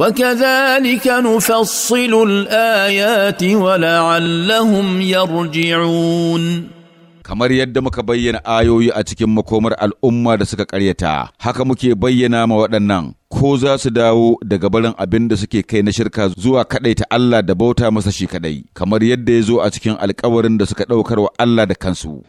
وكذلك نفصل الآيات ولعلهم يرجعون kamar yadda muka bayyana ayoyi a cikin makomar al'umma da suka karyata, haka muke bayyana ma waɗannan ko za su dawo daga barin abin da suke kai na shirka zuwa kaɗai ta Allah da bauta masa shi kaɗai, kamar yadda ya zo a cikin alkawarin da suka ɗaukar wa Allah da kansu.